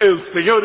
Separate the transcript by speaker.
Speaker 1: el Señor